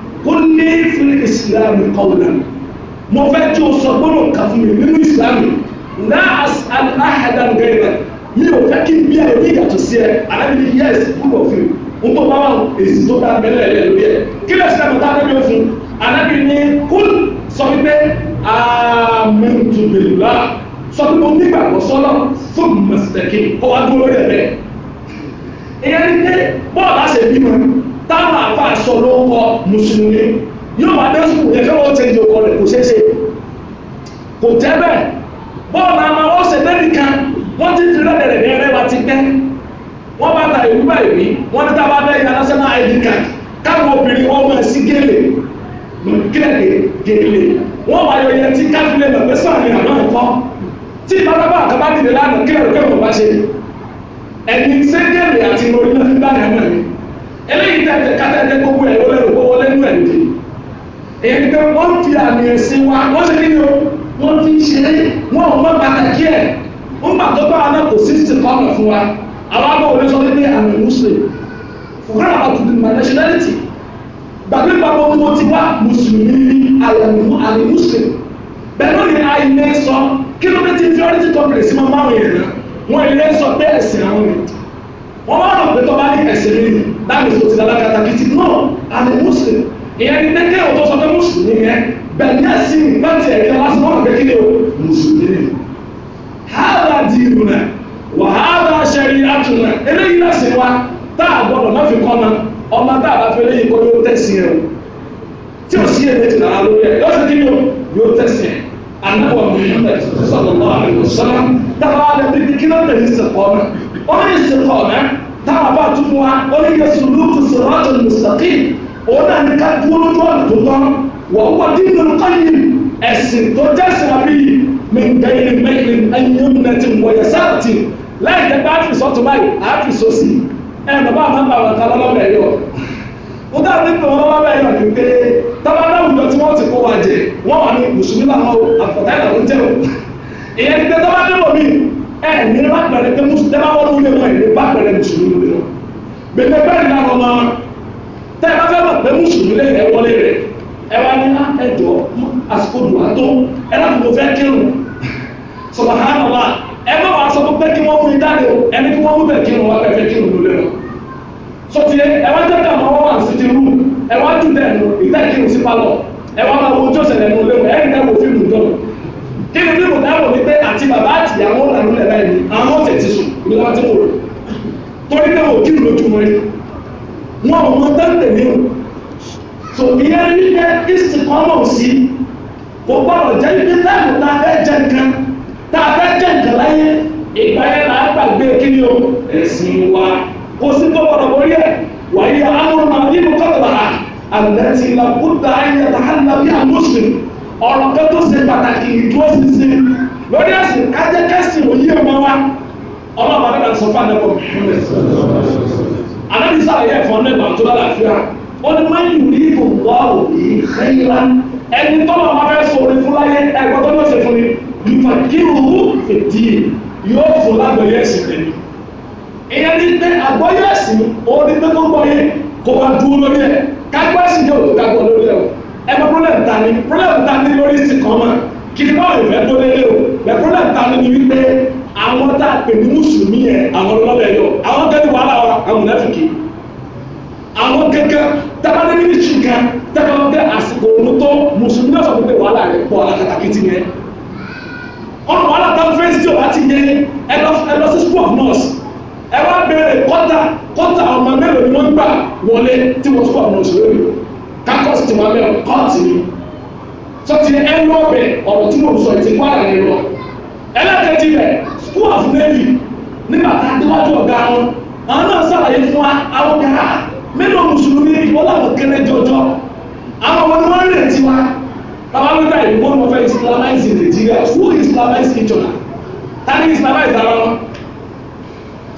kó ní fún ìsìláàmù kọ́ọ̀nà mo fẹ́ tí o sọ gbọ́dọ̀ kà fún mi nínú ìsìláàmù láàs aláhàdàn gẹ́gẹ́ mi ò fẹ́ kí n bí ẹ̀rọ ìyàtọ̀ sí ẹ alábìlì yẹ́sì kúrò fún mi n tó bá wà èsì tó bá bẹ́lẹ̀ rẹ̀ lórí ẹ̀ kí lè sílẹ̀ mọ̀tá alábìlì ó fún alábìlì táwọn àfa àṣọ ló ń kọ mùsùlùmí yóò wá bẹ́ẹ̀ sùkùn yẹn fẹ́ràn ọ̀tẹ̀ ìjọkọ rẹ̀ kò ṣeé kò jẹ́ bọ́ọ̀lù àmà wọ́n ṣe bẹ́ẹ̀ nìkan wọ́n ti fi rẹ́dẹ̀rẹ̀ ní ẹrẹ́ wa ti pẹ́ wọ́n bá ta ìlú báyìí rí wọ́n ní tábà bẹ́ẹ̀ yà national id card káwọn obìnrin wọn máa sí gèlè gèlè gèlè wọ́n wá yọ yẹn tí káfílẹ̀ lọ́gbẹ́sàn ni ní ọmọ eléyìí tẹ̀tẹ̀ kátẹ́tẹ́ gbogbo ẹ̀ lọ́lẹ́ òkú wọlé nù ẹ̀ dì èyí pé wọ́n fi àmì ẹ̀sìn wa wọ́n ṣe kíni o wọ́n fi ṣe é wọ́n ò mọ́ pàtàkì ẹ̀ ń bà tó bá wa náà kò sí ti kọ́nà fún wa àwọn abọ́ òní sọ pé àmì muslim fúkúrà àtúndì my nationality gbàgbé papọ̀ mo ti wá mùsùlùmí àyàmù àmì muslim bẹ́ẹ̀ ló ní àyìnlẹ́ sọ kí ló dé ti priority complex mọ́ máwìn yẹn náà wọ́n ilé sọ pé ẹ̀sìn àwọn ènìyàn wọ́n wá rò pé tó bá ní ẹ̀sìn mi láti tó ti dára katakiti náà àti muslim ìyẹn ní pẹ́kẹ́ òtó sọ pé mùsùlùmí yẹn bẹ̀rẹ̀ náà sí ní láti ẹ̀rí lásán wọ́n rò pé kí ni o mùsùlùmí ni hàdà dìrù náà wà hàdà ṣẹ̀rí àtù náà eléyìí náà sì wá tá a gbọ́dọ̀ má fi kọ́ náà ọmọ tá a bá fẹ́ léyìn kọ́ yóò tẹ̀sí ẹ̀ tí o sì èdè ti rà á lórí ẹ̀ yóò ṣe kí ni o yóò tẹ̀sí ẹ̀ anáwó mi dábàá alẹ́ bí kí ló dé ìsìnkọ́ náà ó ní ìsìnkọ́ náà táwọn bá tún wá ó ní yẹsùn lókù sèrátò mùsàkì òun náà ní ká dúró tó ọ̀nà tó tán wọ́n wá dínú kọ́yìn ẹ̀sìn tó jẹ́sìn àbí mẹ́gbẹ́yìn mẹ́gbẹ́yìn ẹ̀yìn nẹ́tì wọ̀nyẹ sáàtì láì jẹ́ pé àfìsọ́ tó báyìí àfìsọ́ sí ẹ̀ bàbá àmàbà àwọn kan lọ́lọ́mẹ̀ yọ wọ́n dá nípa wọn wá bẹ́ẹ̀ yàn wípé tábàdà àwùjọ tí wọ́n ti kó wa jẹ wọ́n wà ní mùsùlùmí làwọn àfọ̀tá ìlànà jẹ́ òkú ìyẹn ti tẹ́tọ́ bá débò mí ẹ ní bá pẹ̀lẹ́ tẹ́ mùsùlùmí tẹ́ bá wọ́n lórí wọn ẹ̀ bá pẹ̀lẹ́ mùsùlùmí lórí wọn gbèdé bẹ́ẹ̀ ni àwọn ọmọ tẹ́ ẹ bá fẹ́ mọ̀ pé mùsùlùmí lè fẹ́ wọlé rẹ̀ ẹ wá ní ah, ẹjọ́ àsìkò dùwà tó ẹ láti mo fẹ́ kírun sọ̀rọ̀ hàn wá ẹ má wàá sọ pé kí wọ́n mú mi dáre o ẹni kí wọ́n mú bẹ̀ kírun wá pẹ̀fẹ́ kírun lórí wọn sọtìlẹ ẹ wá jẹ́ ká àwọn wà sí ti rú ẹ wá jù dẹ̀ nù ìtẹ́kírun sí pálọ̀ ẹ wá máa wo ojú ọ̀sẹ̀ lẹ́nu lẹ́nu ẹ̀ ń tẹ́ wo fíìmù dọ́nù kí ni bíbù dáwọ̀ ní pé àti bàbá àti ìyàwó làwọn ilẹ̀ báyìí àwọn náà tẹ̀ ti sùn ní wọ́n ti wò lọ torí pé wò kí lójú wọn wọn ò mọ tẹ́lẹ̀ mi o tò ìyẹn ní pé ìsì kan mọ̀ sí kò gbọ́dọ̀ jẹ́ ibi táàmù tá a fẹ́ jẹ nǹkan tá a fẹ́ jẹ nǹkan láyé ìgbà yẹn là á gbàgbé kí ni o ẹ̀sìn wa kò sí tó gbọ́dọ̀ borí ẹ̀ wàyí amúnà nínú kọ́tà àlẹ́ ti la kúta ayé tàhálà bí a mùsùlùmí ọ̀rọ̀ kan tó ṣe pàtàkì ìdúró ṣinṣin lórí ẹ̀sìn kájẹ́kẹ́sìn òye ọmọ wa ọlọ́ọ̀bà náà sọ fún àdẹ́kọ̀ anábìsà ayé ẹ̀fọ́ nígbà tó lálàáfíà ó ní máa ń yù ní ìbò wá òbí xeyìlá ẹni tọ́lọ̀ wọn fẹ́ sọ orin fún láyé ẹgbẹ́ tó lọ́sẹ̀ fún mi nípa kí òwú fèdí yóò fún lágbẹ̀yẹ ẹ̀sìn rẹ̀ ìyẹn ní pé àgbọ̀yẹ ẹ̀sìn orin pé tó gbọ́ yẹ kó wá dúró lórí ẹ̀ kágbẹ́sìn yóò tó lórí ẹ̀ o ẹ mọ problem ta ni problem ta ni lórí ìsìnkàn mọ kìdí báwo ìfẹ́ tó lélẹ̀ o bẹ problem ta ni wípé àwọn tá a pè ní mùsùlùmí yẹn àwọn ọlọ́bẹ̀ yọ àwọn tẹ́lẹ̀ wàhálà wa àwọn mùnáfìkì àwọn kankan tábàdé níbi ṣìkà tábàdé àsìkò òun tó mùsùlùmí náà sọ pé wàhálà rẹ pọ̀ alákatakí ti yẹn ọ̀nà wàhálà tá a fẹ́ sí ọ̀bá ti yẹn ẹ lọ sí school of nurse ẹ wá bẹ̀rẹ̀ kọ́tà kọ́tà ọmọ mélòó ni wọ́n gbà wọlé tí wọ́n school of nurse lórí sọtì ẹnu ọbẹ̀ ọ̀rọ̀ tí mo sọ ìtì kó àlàyé lọ ẹlẹ́kẹ̀ẹ́jì rẹ̀ school of navy nígbà tá a déwájú ọ̀gá wọn àwọn náà sàlàyé fún wa àwọn kẹrà mélòó mùsùlùmí wọn làwọn kéré jọjọ àwọn wọn ni wọn rètí wa bàbá mi ta ìwọ wọn fẹ́ islamize Nigeria who islamize ìjọba tani islamize ara wọn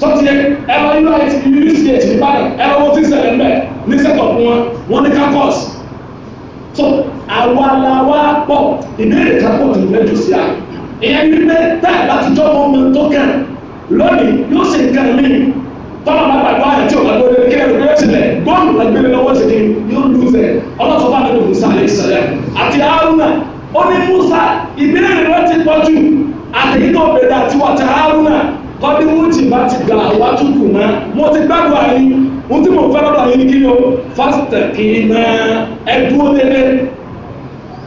sọtì ẹ̀rọ uit university ẹ̀sìn báyìí ẹ̀rọ wọn ti ṣẹlẹ̀ ń bẹ̀ ní sẹ́kọ̀ọ́ fún wọn wọn ní kakọ́ọ̀sì tó àwa la wá pọ̀ ìbéèrè kápọ̀ tó fẹ́ jù sí à ìyẹn ní pé táì láti jọ́ mọ́ mi tó kàn lónìí yóò sì kàn mí tọ́lá bá gbàgbọ́ àyè tí ò bá gbọ́dọ̀ kí ẹ̀rọ gbé sílẹ̀ góòlù la gbé lọ́wọ́ sí ni yóò lù fẹ́ ọlọ́sọ bá gbẹ̀dọ̀ Musa alẹ́ ìsẹ̀lẹ̀ àti Haruna ó ní Musa ìbéèrè rẹ ti pọ̀ jù àtẹ̀yìn náà bẹ̀rẹ̀ àti wàtí Haruna kọ́bí mú ti bá ti gbà wá túkù mọ́ mo ti gbàgbọ́ àyè ohun tí mo fẹ́ lọ́dọ̀ yìí ní kí ni o fásitẹ̀ kì í na ẹdúró délé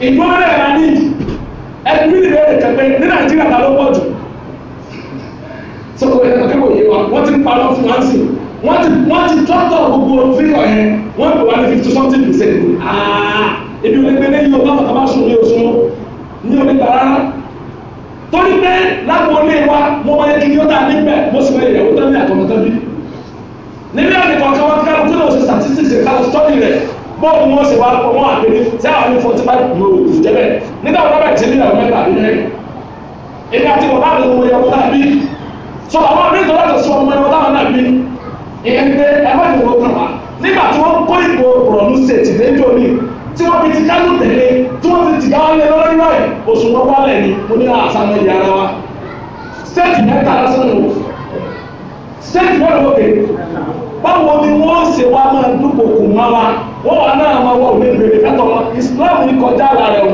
ìdúró délé la ní ẹdúró délé kẹgbẹ́ ní nàìjíríà ta ló pọ̀ jù sọ́kò ẹ̀ka kẹ́kọ̀ọ́ yìí wa wọ́n ti ń parọ́ fún wa sí wọ́n ti wọ́n ti tọ́tọ̀ gbogbo fíkọ̀ yẹn wọ́n pè wá ní fifty something percent aa ebi wọ́n gbé lẹ́yìn ọba bàbá sùn ní oṣù ní omi gbàrà torí pé lágbo ilé wa mo máa yẹ kí ni ó dà níbẹ̀ mo sì máa yẹ ìyàwó tó ní àtọ̀mọ̀tọ́ nílẹ̀ nìkan tí wọ́n kárù tí lóò ṣe statistics ẹ̀ka lọ sọ́ọ̀dì rẹ̀ bọ́ọ̀lù wọn ṣe wá pọ̀ wọn àgbẹ̀ ní tí àwọn ní forty five yóò jẹ́ bẹ́ẹ̀ nígbà wọn bẹ̀rẹ̀ sí ní ìyàwó mẹ́ta àbí mẹ́rin èmi àti wọn láàrin wọn yẹ wọn náà bí sọ àwọn àbíjọ láti sọ ọmọ ẹwọn táwọn náà bí ìyẹn pé ẹ má ti wọn kàn wá nígbà tí wọ́n kó ìbò rọ̀lú state lẹ́jọ́ mi tí wọ́n fi ti kánú tẹ̀lé tí wọ́n fi ti gáwá lé lọ́rọ́ náà oṣù wọn wálẹ̀ ni mo ní àṣàmọ́ ìyá ara wa state mẹ́ta lásán lò state mẹ́ta lókè báwo ni wọ́n ṣe wá máa dúkòkò mọ́ wa wọ́n wà náà máa wọ òwe bèrè ẹ̀tọ́ wọn Islam ní kọjá ara rẹ̀ o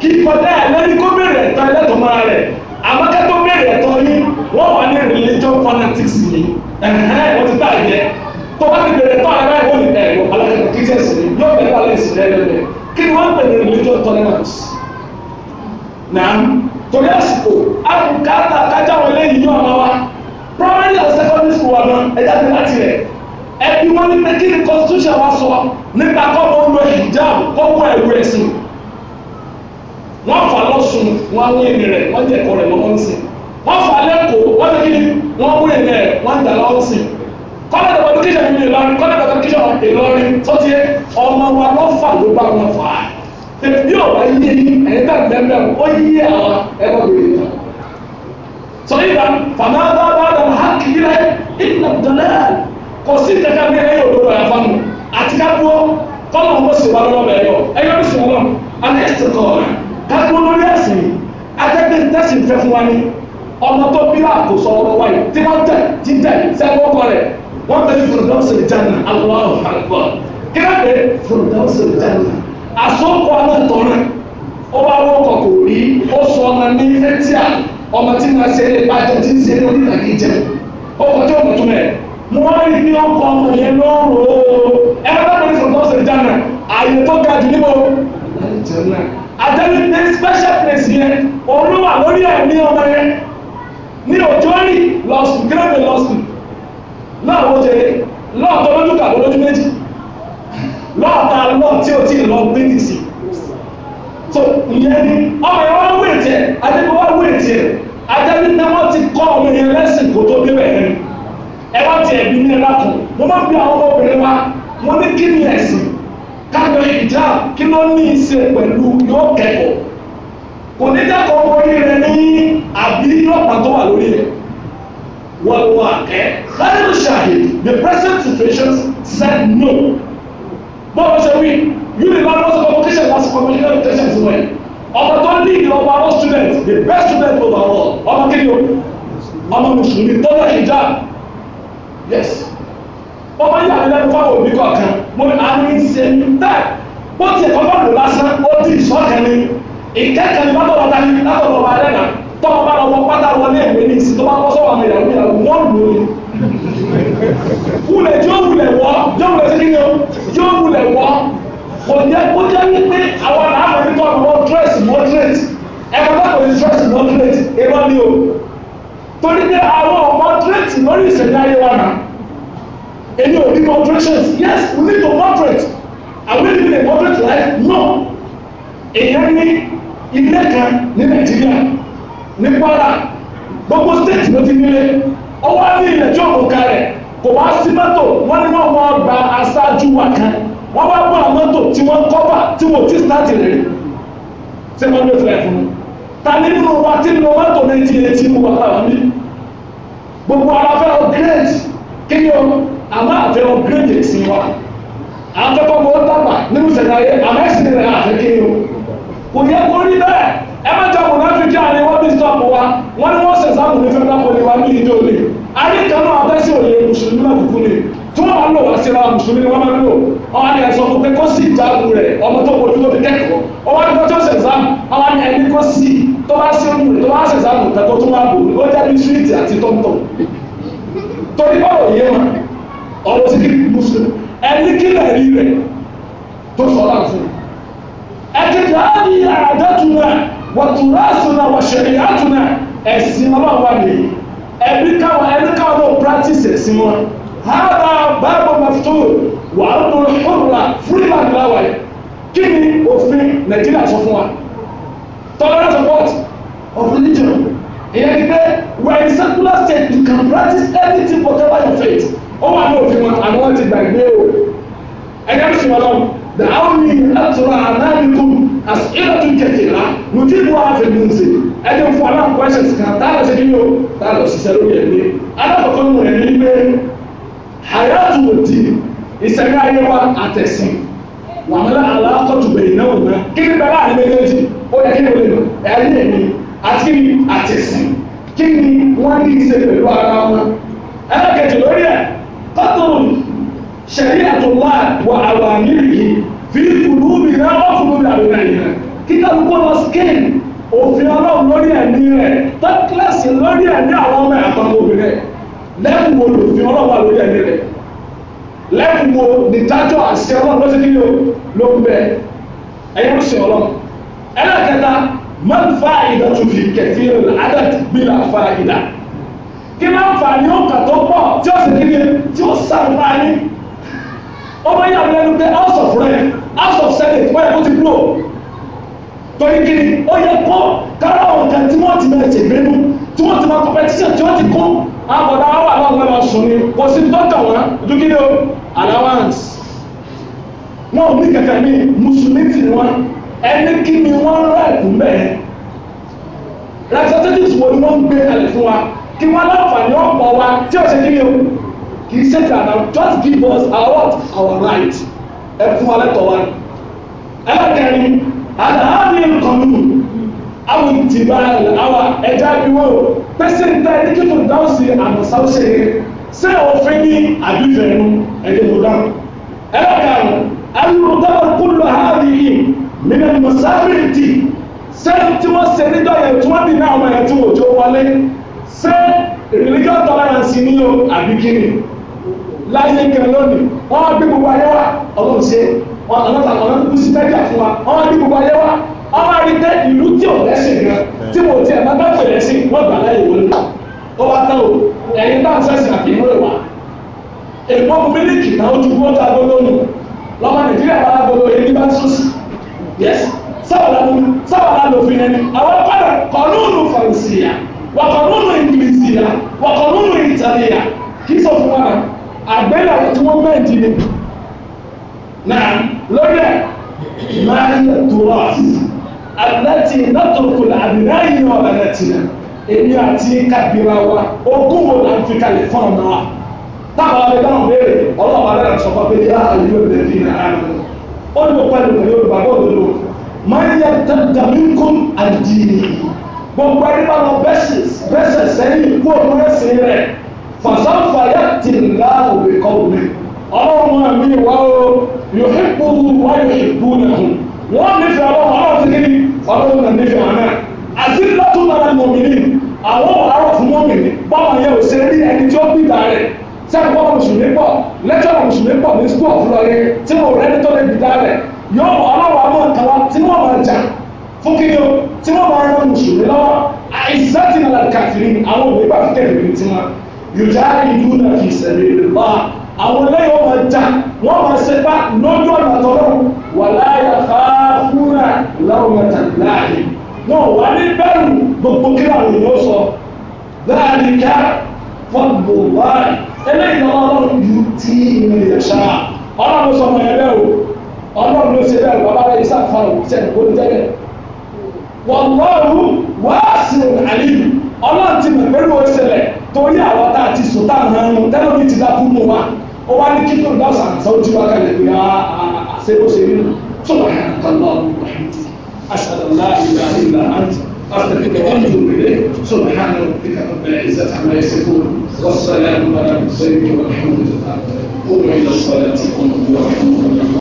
kì í kọjá ẹ̀ lẹ́ni kó bèrè ẹ̀tọ́ ẹlẹ́tọ̀ mọ́ra rẹ̀ àmọ́kẹ́ tó bèrè ẹ̀tọ́ yín wọ́n wà ní religion fanatics yìí ẹ̀hẹ́n wọ́n ti bá ìjẹ́ tó bá ti bèrè ẹ̀tọ́ ẹ̀rọ ìwọ́n ní ẹ̀rọ alákẹ́kọ̀ọ́ christians ni yóò bẹ̀rẹ̀ alẹ́ ìsìn lẹ́lẹ́lẹ́ kí ni wọ́n religion tolerance náà torí àsìkò àbùkátà kájáwọlé yìí yóò máa primary and secondary school wa gan ẹja ti láti rẹ̀ ẹbí wọn ní pé kí ni constitution wa sọ nípa kọ́mọ ń lo hijab kọ́mọ ẹ̀rù ẹ̀sìn wọ́n fà lọ́sùn wọn wọ́n èmi rẹ̀ wọ́n jẹ́ ẹ̀kọ́ rẹ̀ lọ́wọ́ ń sìn wọ́n fà lẹ́kọ̀ọ́ wọ́n ní kí ni wọ́n wọ́n èmi rẹ̀ wọ́n dà lọ́wọ́ ń sìn kọ́lẹ̀ dọ̀bọ̀ education mi Ìlọrin kọ́lẹ̀ dọ̀bọ̀ education Ìlọrin tó ti yẹ ọmọ wa lọ́ fà ló bá wọn fà á tẹ̀bí ò bá yé yín ẹ̀yin tá ó yé àwa ẹ̀rọ kì í rẹ ìnà dọ̀là kò sí kankan bí ẹyẹ òdodo àfa nù àti kápó kọ́nà ọmọ sì wà lọ́wọ́ bẹ̀rẹ̀ yọ ẹyọ ní sùn wọn alẹ́ ẹ̀sìn kọ̀ kápó lórí ẹ̀sìn adẹ́gbẹ́ tẹ̀sí fẹ́ fún wa ní ọmọ tó bí àkóso ọmọ wáyé tí wọ́n tẹ̀ tí tẹ̀ sẹ́wọ́n kọ rẹ̀ wọ́n bẹ̀rẹ̀ fòlùdáwọ́sì ìjànà àwọn àwọn àgbọ̀ kí wọ́n bẹ̀rẹ̀ fòlùdáwọ́sì ìjànà àsọ́kọ̀ alátọ̀rẹ́ ó bá wọ́kọ̀ kò rí ó sọ ọmọ ní fẹ́tíà é bá jẹ tí ń ṣe é lórí ọkọ̀ tí ó mú túmẹ̀ wọ́n rí ní ọkọ̀ ọmọ yẹn lọ́rùn o ẹ̀rọ náà ní sọ̀tọ̀ ṣe jánà àyè tó ga jù níbo àjẹmí ní special place yẹn olúwa lórí ẹ̀mí ọmọ yẹn ní òjò rí lọ́sùn gírèdè lọ́sùn láwọn oṣù lọ́ọ̀tọ́ lójú kàbọ̀ lójú méjì lọ́ọ̀ta lọ́ọ̀ tí ó ti lọ gbé nìsí so ìyẹn ni ọmọ yẹn wá wé tiẹ̀ adébọ̀ wá wé tiẹ̀ ajẹ́bí pé wọ́n ti kọ́ ọmọ yẹn lẹ́sìn kó tó débẹ̀ yẹn ẹ wá ti ẹ̀bí ní ẹ̀rá kan mo máa ń bí àwọn obìnrin wa mo ní kí ni ẹ̀sìn kájọ ìjà kí ló ní í ṣe pẹ̀lú yóò kẹ́kọ̀ọ́ kò ní dẹ́kọ̀ orí rẹ ní àbí ọ̀pá tó wà lórí rẹ wọ́n wọ àkẹ́ lẹ́nu ṣàhìí the present situation said no bọ́ọ̀lù ṣe wí yìí lè bá lọ́sọ̀kọ̀ vocation lásìkò vocation education ti wọ̀nyí ọmọ tó ní ìlọ́wọ́ àwọn students the best student overall ọmọ kí ni o ọmọ mùsùlùmí tó lọ ìjà yes ó máa ń yà mí lẹ́nu fáwọn òbí kọ̀ọ̀kan mo ní àmì ìṣe ń tẹ̀ bó ti ẹ̀kọ́ bá lò lásán ó di ìṣọ́kẹ́ mi ìkẹ́kẹ́ mi látọ̀ wọ́ta ní látọ̀ lọ́wọ́ alẹ́ nà tọ́mọ bá lọ́wọ́ pátá wọlé ẹ̀mí ní ìsìn tó bá kọ́ sọ́wọ́ àmì ìyàwó ìyàwó wọ́n lò ó wulẹ̀ tí ó wulẹ̀ wọ́ tí ó sí kí ni ó tí ó wulẹ̀ kò jẹ́ kó jẹ́ wípé àwọn làwọn ẹni kọ́ àwọn dress moderate ẹ̀rọ náà kò ní dress moderate èrò ni o torí pé àwọn moderate lórí ìṣẹ̀lẹ̀ ayé wa náà èmi ò ní moderations yes we need to moderate àwọn èmi lè moderate life no èèyàn ní ilé kan ní Nàìjíríà ní Kwara gbogbo state ló ti nílé ọwọ́ ní ilẹ̀ tí òkùnkà rẹ̀ kò wá sí mọ́tò wọ́n ní wọ́n wọ́n gba aṣáájú wa kan wọ́n bá gbọ́ àwọn mọ́tò tí wọ́n kọ́bà tí wọ́n ti sáàtì rẹ̀ ṣe wọ́n lè fẹ́ fún un ta ní nínú wa tí nínú mọ́tò ní ti etí mu wà láàbí gbogbo ara fẹ́ upgrade kí ni o àmọ́ àfẹ́ upgrade sí wa àfẹ́kọ́ mọ́ dàgbà nínú ìṣẹ̀dá yẹ àmọ́ ẹ̀sìn rẹ̀ àfẹ́ kí ni o kò yẹ kó rí bẹ́ẹ̀ ẹ má jẹ́ ọmọ náà fi kí àná wọ́n bí sọ́ọ̀pù wa wọ́n ní wọ́n ṣẹ̀ṣá tí wọ́n máa lò wọ́n síra mùsùlùmí ni wọ́n máa lò ọmọ ni ẹ̀sọ́ fún pé kó sì jágun rẹ̀ ọmọ tó kojú tó fi kẹ́kọ̀ọ́ ọmọ ni kó tó ṣe ẹ̀sáàmù ọmọ ni ẹni kó sì tó bá sí ojú rẹ̀ tó bá ṣe ẹ̀sáàmù tẹ̀kọ́ tó máa bò ó jẹ́ ní síríìtì àti tọ́mtọ̀ torí bọ́ọ̀lù yé wọn ọ̀rọ̀ sí mùsùlùmí ẹni kí rí rẹ̀ tó sọ láǹ fún hàrà báàbò mafutó wà á tó hóra freeland láwàá kí ni òfin nàìjíríà sọ fún wa tolerance of what of religion ìyẹn ti pé we are in secular state you can practice anything whatever your faith ó wà ní òfin wọn àwọn wọn ti gbàgbé o ẹgbẹ́ sùn wọn lọ the army ẹtura anadikum as ilatu kẹkẹla nutibu afẹnusi ẹni fún aláǹkọ ẹsẹ kan tá a lọ sí kí ni o tá a lọ sí sẹlẹ ó yẹ ní alákọ̀ọ́kọ́ nù ẹni pé hayatumuti ìsẹ̀rí ayé wa àtẹ̀sìn wàhálà aláàkọ̀tù bẹ̀rẹ̀ náà wùmẹ́ kí ni bẹ́ẹ̀ láàrin méjèèjì ó yẹ kí ni olè ẹ̀yẹ mi àti àtẹ̀sìn kí ni wọ́n ní í ṣe pẹ̀lú ara wọn ẹlẹ́kẹ̀jì lórí ẹ̀ kọ́tùrù ṣẹ̀rí àtúnwá wà àwọn àmìrìkì fi kùlù mi náà wọ́n fún mi àbẹ̀rẹ̀ yìí kí kálukú lọ skin òfin ọlọ́run lórí ẹ̀mí rẹ̀ tọ́kílẹ̀sì lórí ẹ̀mí àwọn ọmọ ẹ̀kọ́ lẹ́kùn wo lòfin ọlọ́run wà lórí ẹ̀mí rẹ̀ lẹ́kùn wo nìtajọ́ àṣẹ ọlọ́run ló ti kí ni o ló ń bẹ ẹ̀yẹ́ ń sìn ọlọ́run ẹlẹ́kẹta máa ń fa ìdọ̀tún fi kẹ̀sí adàtì gbìlà fa ìdà kí máa ń fa ní òkà tó pọ̀ tí ó sì kí ni tí ó sàrùmá ní ọmọ yàrá lẹ́nu pé house of rent house of senate wọ́n yẹ kó ti blow torí kí ni ó yẹ kó kára ọ̀gá tí wọ́n ti máa ṣègbè nù tí wọ́n ti máa competition tí wọ́n ti kó àbọ̀dá wà wà lọ́gbọ́n lọ sùn ni kò sí dọ́kà wọn ju kí ni o allowance wọn ò ní kẹkẹ ní mùsùlùmí tì wọn ẹni kí ni wọn rà ẹkùn bẹ́ẹ̀ representatives wo ni wọn gbé kalẹ̀ fún wa kí wọn láǹfààní ọ̀pọ̀ wa tí o ṣe kí ni o kì í ṣe ti àná just give us our what our right ẹ fún wa lẹ́tọ̀ọ́ wa ẹ lọ kẹrin àdáhà ni nǹkan awo ìtìbá awa ẹja biwo pèsè nta ẹdíkìtò dáwọsì àmọ̀sáwò ṣẹlẹ̀ sẹ òfin ní àbífẹ̀nu ẹdínwódà ẹlẹ́kàrún alùpùpù kúlù àhàbìyí mímẹ́ mọ̀sáfìrìtì sẹ tí wọ́n ṣe níjọ́ yẹn tí wọ́n dì ní àwọn yẹn tí wò jó wọlé sẹ religion tolerance ní o àbíkíni láyé kan lónìí wọ́n á gbé gbogbo ayé wa ọlọ́run ṣe wọ́n ọlọ́run ṣe wọ́n á gbé gbogbo ayé wa ọba rí pé ìlú tí ò lẹ́sìn gan tí mo tiẹ̀ máa bá pè lẹ́sìn wọ́n gbà láyè wọlé ó wá tán o ẹ̀yin tá à ń sẹ́sìn àkínú rẹ̀ wá èèpọ̀ mu mílíkì náà ó ju gbọ́dọ̀ agbọ́dọ̀ nù lọ́mọ nàìjíríà bá agbọ́dọ̀ èyí bá tún sí yẹ́sì sábàlá lòfin ẹni àwọn padà kọ̀ọ̀nù fàrùsìyà wà kọ̀ọ̀nù ìngìlìsìyà wà kọ̀ọ̀nù ìtàlíyà kì í sọ fún wa àgbẹ̀lẹ̀ àwọn tí wọ́n mẹ́ẹ̀dì ni na lórí ẹ̀ máa ń tòrọ̀ àfihàn àlẹ́tì nàtòkò àdìráyìn ọ̀rọ̀ àlẹ́tì náà èmi àti kàbíra wa ogún wo la fi kalẹ̀ fún ọ̀nà wa táwọn ọmọ ẹgbẹ́ àwọn béèrè ọlọ́ọ̀bà lẹ́nu sọ fún abẹ́lé àyè òde ní àárọ̀ ó ní òpá ìlú pẹ̀lú olùgbàgbọ́ òdodo máa ń yẹ dàmínkùn àdìní gbogbo ẹni bá lọ bẹ́sẹ̀ sẹ́yìn kú òun ẹ̀sìn rẹ̀ fàṣàfà yà tì ńlá òwe kọ́ òwe ọlọ́run àmì ìwà o yòókù wá yòókù náà wọ́n nífẹ̀ẹ́ ọlọ́run ọlọ́run ti kí ni ọlọ́run náà nífẹ̀ẹ́ wọn náà àti lọ́tò náà mọ̀mìnì àwọn àárọ̀ fún mọ̀mìnì báwọn yẹn ò ṣe rí ẹni tí ó bí ìdá rẹ̀ sẹ́kọ̀ọ́ mùsùlùmí pọ̀ lẹ́tọ̀ọ̀ mùsùlùmí pọ̀ ní school of lọ́yẹ tí mo rẹ́ni tó lè gbìdá rẹ̀ yóò ọlọ́run àwọn kan wá tí wọ́n máa jà fún kí ni o tí wọ́n máa rán mùsùlùmí lọ́wọ́ àìsàtì nàlà kàfìrí àwọn òbí bá fi kẹ́kẹ̀ẹ́ ní tiwọn yòjá ìlú náà fi ìṣẹ̀lẹ̀ ìlúbà àwọn lẹ́yìn wọn máa jà wọ́n máa ṣe bá lójú ọ̀nà tọ́lọ́ wà láyà fáá yàtà láwùmọ̀tà láàyè wọn wà ní bẹ́ẹ̀rù gbogbo kí àwọn èèyàn sọ láàrin ká fọ́ọ̀bù wáyé eléyìí náà ọlọ́run ju tí ìrìn rẹ̀ ṣá ọlọ́run sọ ọmọ ẹ̀ bẹ́ẹ̀ o ọlọ́run ló ṣe bẹ́ẹ̀ o bàbá rẹ̀ yìí sáfà o sẹ́ni kò ní tẹ́lẹ̀ wọ́n lọ́rùn wáá sí wá àṣẹ bó ṣe rí nù. سبحانك اللهم وبحمدك أشهد أن لا إله إلا أنت أستغفرك وأتوب إليك سبحان ربك رب العزة عما يصفون والسلام على المرسلين والحمد لله قوموا إلى الصلاة قوموا الله